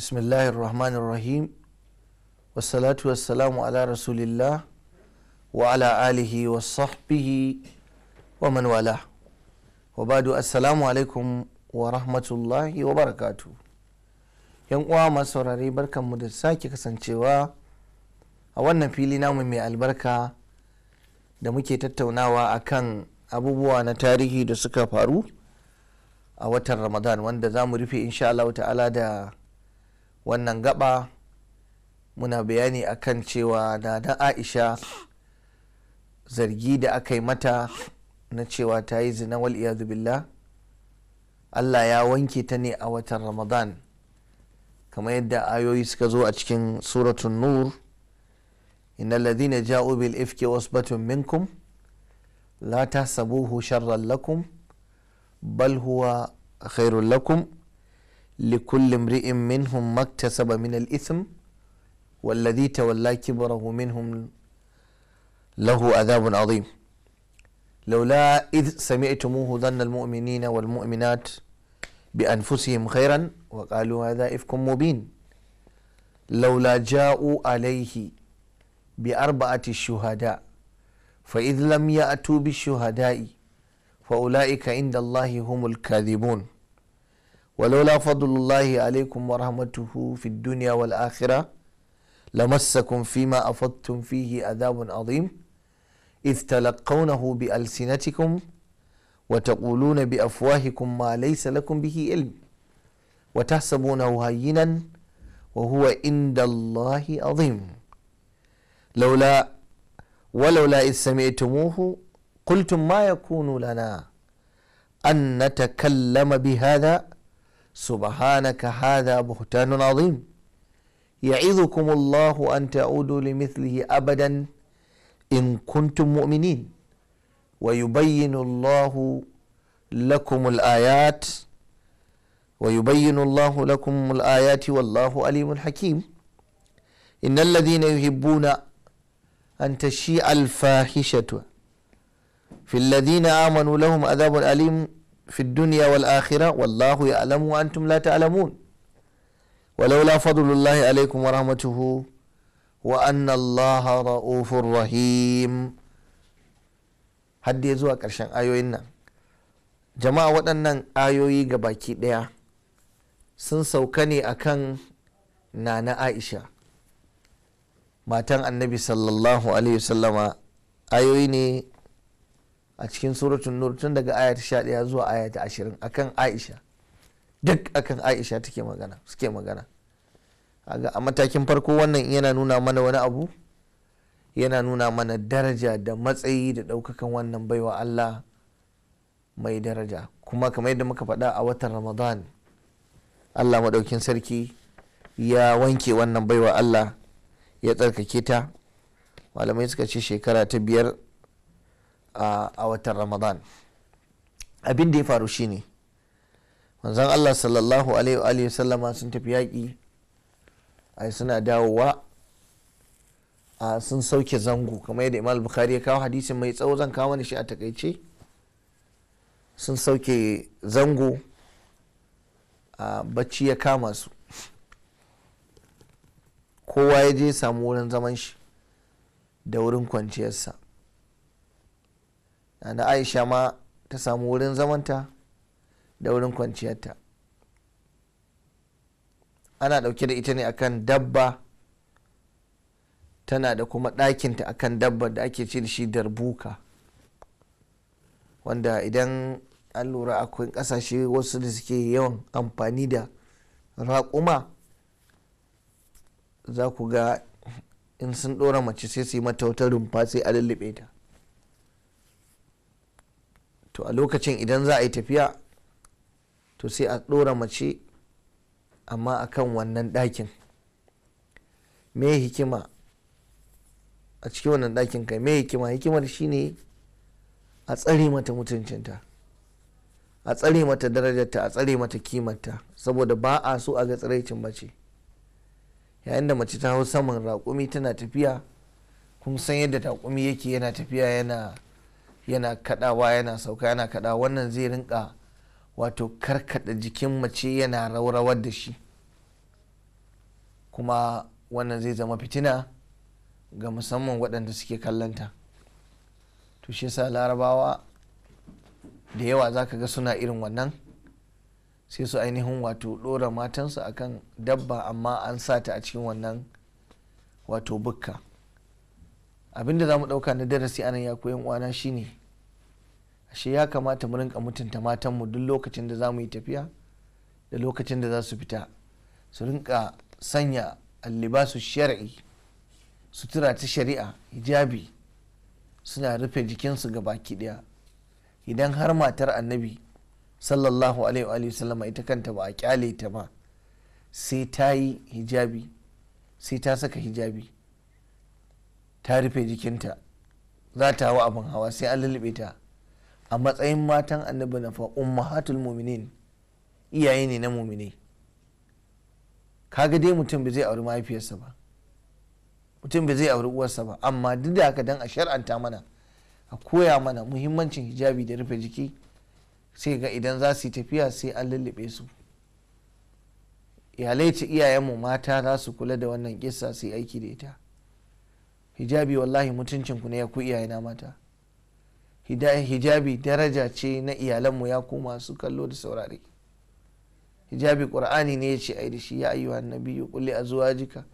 bismillahir rahmanir rahim wassalatu wassalamu ala rasulillah wa ala alihi wa sahbihi wa man wala wa assalamu alaikum wa rahmatullahi wa barakatu yan uwa masu barkan mu da sake kasancewa a wannan fili namu mai albarka da muke tattaunawa akan abubuwa na tarihi da suka faru a watan ramadan wanda za mu rufe insha'Allah ta'ala da wannan gaba muna bayani akan cewa na aisha zargi da aka yi mata na cewa ta yi zina wal billah allah ya wanke ta ne a watan ramadan kamar yadda ayoyi suka zo a cikin suratun nur inna ladina ja'u bil ifki wasbatun minkum la tahsabuhu sharran lakum bal huwa khairul lakum لكل امرئ منهم ما اكتسب من الإثم والذي تولى كبره منهم له عذاب عظيم لولا إذ سمعتموه ظن المؤمنين والمؤمنات بأنفسهم خيرا وقالوا هذا إفك مبين لولا جاءوا عليه بأربعة الشهداء فإذ لم يأتوا بالشهداء فأولئك عند الله هم الكاذبون ولولا فضل الله عليكم ورحمته في الدنيا والآخرة لمسكم فيما أفضتم فيه عذاب عظيم إذ تلقونه بألسنتكم وتقولون بأفواهكم ما ليس لكم به علم وتحسبونه هينا وهو عند الله عظيم لولا ولولا إذ سمعتموه قلتم ما يكون لنا أن نتكلم بهذا سبحانك هذا بهتان عظيم يعظكم الله أن تعودوا لمثله أبدا إن كنتم مؤمنين ويبين الله لكم الآيات ويبين الله لكم الآيات والله أليم حكيم إن الذين يحبون أن تشيع الفاحشة في الذين آمنوا لهم عذاب أليم في الدنيا والآخرة والله يعلم وأنتم لا تعلمون ولولا فضل الله عليكم ورحمته hadda ya zuwa ƙarshen ayoyin nan jama'a waɗannan ayoyi ga baki ɗaya sun sauka ne a kan nana aisha matan annabi sallallahu alaihi wasallama ayoyi ne a cikin suratun nur tun daga aya ta sha zuwa aya ta ashirin akan aisha duk akan aisha take magana suke magana a matakin farko wannan yana nuna mana wani abu yana nuna mana daraja da matsayi da ɗaukakan wannan baiwa allah mai daraja kuma kamar yadda muka faɗa a watan ramadan allah maɗaukin sarki ya wanke wannan baiwa allah ya tsarkake ta malamai suka ce shekara ta biyar a watan ramadan abin da ya faru shine manzon allah sallallahu alaihi wa sallama sun tafi yaƙi a suna dawowa a sun sauke zango kamar yadda imam bukari ya kawo hadisin mai tsawo zan kawo mana shi a takaice sun sauke zango a bacci ya kama su kowa ya je samu wurin zaman shi da wurin kwanciyarsa da aisha ma ta samu wurin zamanta da wurin kwanciyarta ana ɗauke da ita ne akan dabba tana da kuma ɗakinta akan dabba da ake ce da shi darbuka wanda idan an lura akwai ƙasashe wasu da suke yawan amfani da raƙuma za ku ga in sun ɗora mace sai su yi mata wata rumfa sai a lullube ta to a lokacin idan za a yi tafiya to sai a ɗora mace amma a kan wannan ɗakin me hikima a cikin wannan ɗakin kai me hikima hikimar shine a tsare mata mutuncinta a tsare mata darajarta a tsare mata kimarta saboda ba a so a ga tsiraicin mace yayin da mace ta hau saman raƙumi tana tafiya kun san yadda raƙumi yake yana tafiya yana yana kadawa yana sauka yana kada wannan zai rinka wato karkada jikin mace yana raurawar da shi kuma wannan zai zama fitina ga musamman waɗanda suke kallanta to shi sa larabawa da yawa za ka ga suna irin wannan sai su ainihin wato ɗora matansu akan dabba amma an sata a cikin wannan wato bukka abinda za mu ɗauka na darasi anan ya koyan uwana shine ashe ya kamata mu rinka mutunta matan mu duk lokacin da za mu yi tafiya da lokacin da za su fita su rinka sanya allibasu shari'i sutura ta shari'a hijabi suna rufe jikinsu ga baki ɗaya idan har matar annabi sallallahu alaihi wa sallama ita kanta ba a kyale ta ba sai ta yi hijabi sai ta saka hijabi ta rufe jikinta za ta hawa abin hawa sai an lullube ta a matsayin matan annabi na fa ummahatul muminin iyaye ne na mu'mini kaga dai mutum bai zai auri mahaifiyarsa ba mutum bai zai auri uwarsa ba amma duk da haka dan a shar'anta mana a koya mana muhimmancin hijabi da rufe jiki sai ga idan za su yi tafiya sai an lullube su iyalai ce iyayenmu mata za su kula da wannan kissa su aiki da ita hijabi wallahi mutuncinku ne ya ku na mata hijabi daraja ce na iyalanmu ya ku masu kallo da saurare hijabi qur'ani ne ya ce ai da shi ya ayyuha annabiyyu qul li azwajika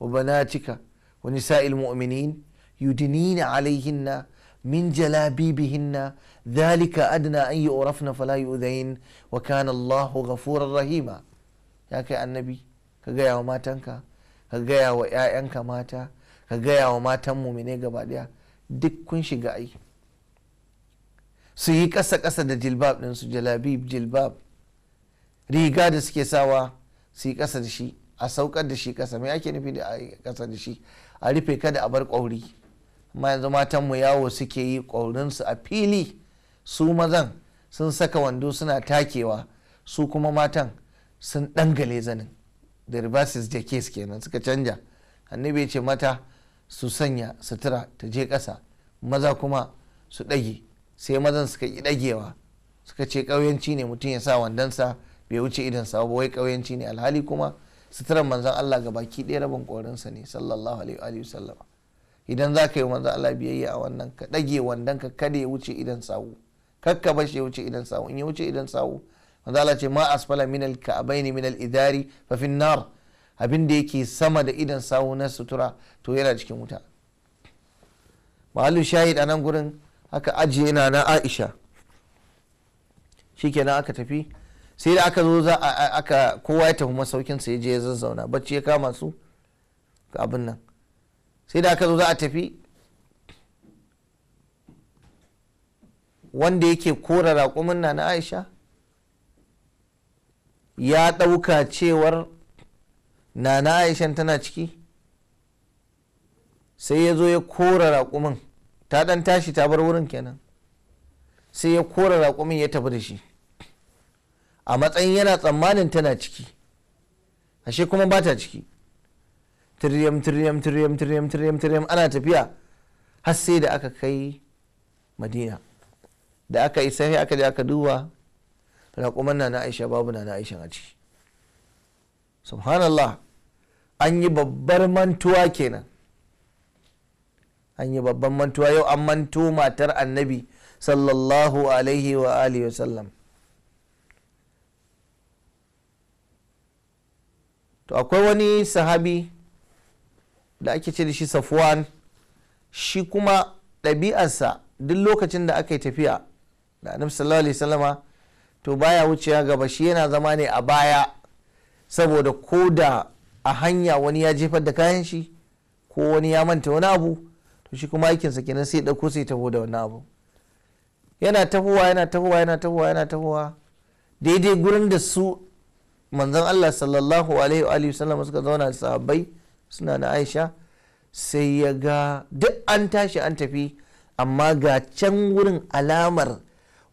wa banatika wa nisa'il mu'minin yudinina alaihinna min jalabibihinna dhalika adna an yu'rafna fala yu'dain wa kana Allahu ghafurar rahima ya kai annabi ka gaya wa matanka ka gaya wa 'ya'yanka mata ka gaya wa matan mu ne gaba daya duk kun shiga ai su yi ƙasa ƙasa da jilbab ɗinsu jalabib jilbab riga da suke sawa su yi ƙasa da shi a saukar da shi ƙasa mai ake nufi da a kasa da shi a rufe kada a bar kwauri amma yanzu matanmu yawo suke yi su a fili su mazan sun saka wando suna takewa su kuma matan sun ɗangale zanin da reverses da case kenan suka canja annabi ce mata su sanya sutura ta je ƙasa maza kuma su ɗage sai mazan suka ƙi ɗagewa suka ce ƙauyenci ne mutum ya sa wandonsa bai wuce idansa ba wai ƙauyenci ne alhali kuma suturan manzan Allah ga baki ɗaya rabin ƙorinsa ne sallallahu alaihi wa sallama idan za ka yi manzan Allah biyayya a wannan ka ɗage wandon ka kada ya wuce idan sawu kakka bashi ya wuce idan sawu in ya wuce idan sawu manzan Allah ce ma asfala minal ka'abaini min idari fa fin nar abin da yake sama da idan sawu na sutura to yana cikin wuta mahallu shahid a nan gurin aka ajiye na na aisha shikenan aka tafi sai da aka zo za aka kowa ya tafi masaukin sai je ya zazzauna bacci ya kama su ga abin nan sai da aka zo za a tafi wanda yake kora raƙumin na na aisha ya ɗauka cewar na na aishan tana ciki sai ya zo ya kora raƙumin ta ɗan tashi ta bar wurin kenan sai ya kora raƙumin ya tafi da shi a matsayin yana tsammanin tana ciki ashe kuma ba ta ciki tiryam tiryam tiryam tiryam tiryam tiryam ana tafiya har sai da aka kai madina da aka isa sai aka je aka duba raƙumin na na aisha babu na na aisha a ciki subhanallah an yi babbar mantuwa kenan an yi babban mantuwa yau an manto matar annabi sallallahu alaihi wa alihi wa sallam to akwai wani sahabi da ake ce da shi safwan shi kuma ɗabi'arsa duk lokacin da aka yi tafiya da annabi sallallahu alaihi sallama to baya wucewa gaba shi yana zama ne a baya saboda ko da a hanya wani ya jefar da kayan shi ko wani ya manta wani abu to shi kuma aikinsa kenan sai ɗauko sai taho da wani abu yana tahowa yana tahowa yana tahowa yana tahowa daidai gurin da su manzon Allah sallallahu alaihi wa alihi sallam suka zauna da sahabbai suna na Aisha sai ya ga duk an tashi an tafi amma ga can wurin alamar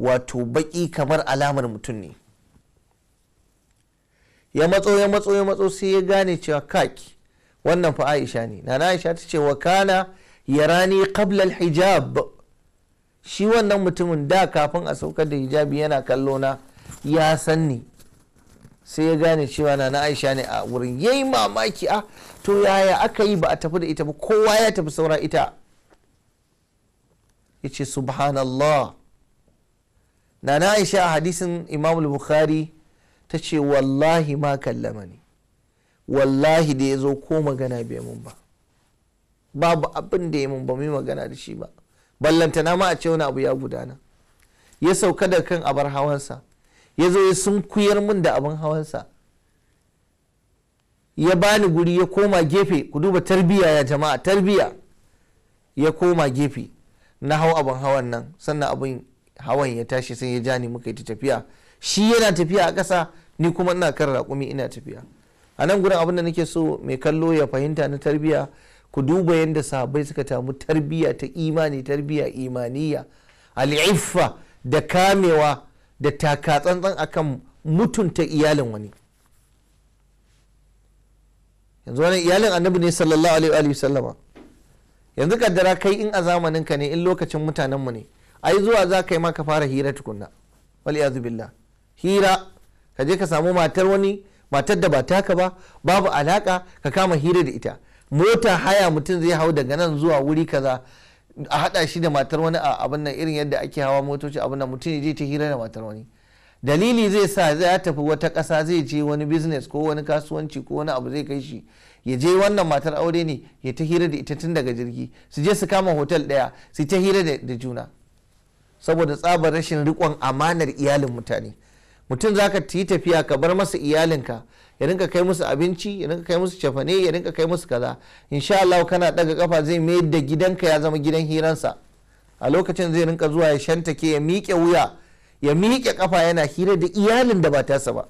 wato baki kamar alamar mutum ne ya matso ya matso ya matso sai ya gane cewa kaki wannan fa aisha ne na aisha ta ce wa kana yarani qabla hijab shi wannan mutumin da kafin a saukar da hijabi yana kallo na ya sanni sai ya gane cewa na aisha ne a wurin yayi mamaki a ah, to yaya aka yi ba a tafi da ita ba kowa ya tafi saura ita yace subhanallah nana aisha a hadisin imam bukhari ta ce wallahi ma kallama ne wallahi da ya zo ko magana bai mun ba babu abin da ya mun ba mu magana da shi ba ballanta na ma a ce wani abu ya gudana ya sauka da kan abar hawansa ya zo ya sun kuyar min da abin hawansa ya bani guri ya koma gefe ku duba tarbiya ya jama'a tarbiya ya koma gefe na hau abin hawan nan sannan abin hawan ya tashi sai ya ja ni muka yi ta tafiya shi yana tafiya a ƙasa ni kuma ina kan raƙumi ina tafiya a nan gurin abin da nake so mai kallo ya fahimta na tarbiyya ku duba yadda sahabbai suka tamu tarbiyya ta imani tarbiyya imaniya al'iffa da kamewa da taka tsantsan akan mutunta iyalin wani yanzu wani iyalin annabi ne sallallahu alaihi wa sallama yanzu kaddara kai in a zamanin ka ne in lokacin mutanenmu ne ai zuwa za ka yi ma fara hira tukunna wal billah hira ka je ka samu matar wani matar da ba taka ba babu alaka ka kama hira da ita mota haya mutum zai hau daga nan zuwa wuri kaza a hada shi da matar wani a abin nan irin yadda ake hawa motoci abin nan mutum je ta hira da matar wani dalili zai sa zai tafi wata kasa zai je wani business ko wani kasuwanci ko wani abu zai kai shi ya je wannan matar aure ne ya ta hira da ita tun daga jirgi su je su kama hotel daya su ta hira da juna saboda tsabar rashin riƙon amanar iyalin mutane mutum za ka yi tafiya ka bar masa iyalinka ya rinka kai musu abinci ya rinka kai musu cefane ya rinka kai musu kaza insha Allah kana daga kafa zai mayar da gidanka ya zama gidan hiransa a lokacin zai rinka zuwa ya shantake ya miƙe wuya ya miƙe kafa yana hira da iyalin da ba tasa ba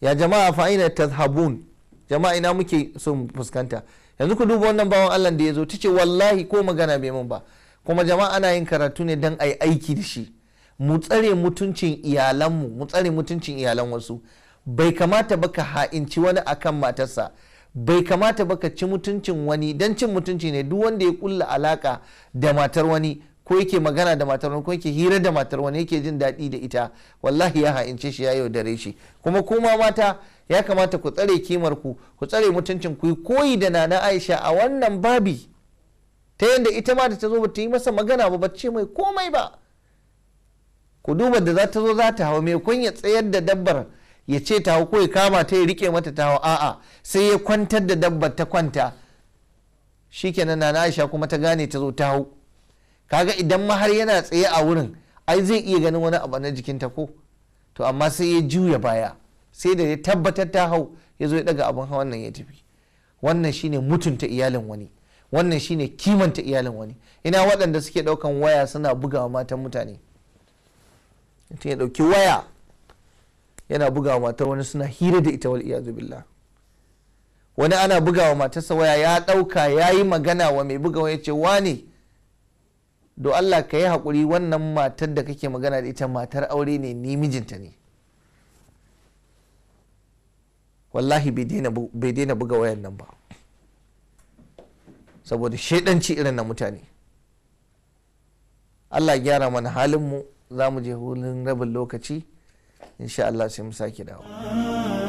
ya jama'a fa'ina ta habun jama'a ina muke son fuskanta yanzu ku duba wannan bawan Allah da ya zo ce wallahi ko magana bai mun ba kuma jama'a ana yin karatu ne dan ai aiki da shi mu tsare mutuncin iyalanmu mu tsare mutuncin iyalan wasu bai kamata ba ka ha'inci wani akan matarsa bai kamata ba ka ci mutuncin wani don cin mutunci ne duk wanda ya kulla alaka da matar wani ko yake magana da matar wani ko yake hira da matar wani yake jin daɗi da ita wallahi ya ha'ince shi ya yaudare shi kuma kuma mata ya kamata ku tsare kimar ku ku tsare mutuncin ku koyi da nana aisha a wannan babi ta yadda ita ma da ta zo ba ta yi masa magana ba ba ce mai komai ba ku duba da za ta zo za ta hau mai kun ya tsayar da dabbar ya ce ta hau ko ya kama ta ya rike mata ta hau a'a sai ya kwantar da dabbar ta kwanta shikenan na Aisha kuma ta gane ta zo ta hau kaga idan ma yana tsaye a wurin ai zai iya ganin wani abu na jikin ta ko to amma sai ya juya baya sai da ya tabbatar ta hau ya zo ya daga abin hawan nan ya tafi wannan shine mutunta iyalin wani wannan shine kimanta iyalin wani ina waɗanda suke ɗaukan waya suna bugawa matan mutane mutum ya ɗauki waya yana bugawa matar wani suna hira da ita wal wani ana buga wa matarsa waya ya ɗauka ya yi magana wa mai bugawa ya ce ne do Allah ka yi haƙuri wannan matar da kake magana da ita matar aure ne ni mijinta ne wallahi bai daina buga wayan nan ba saboda shaidanci irin na mutane Allah gyara mana halinmu mu za mu je hulun rabin lokaci insha Allah sai mu sake dawo.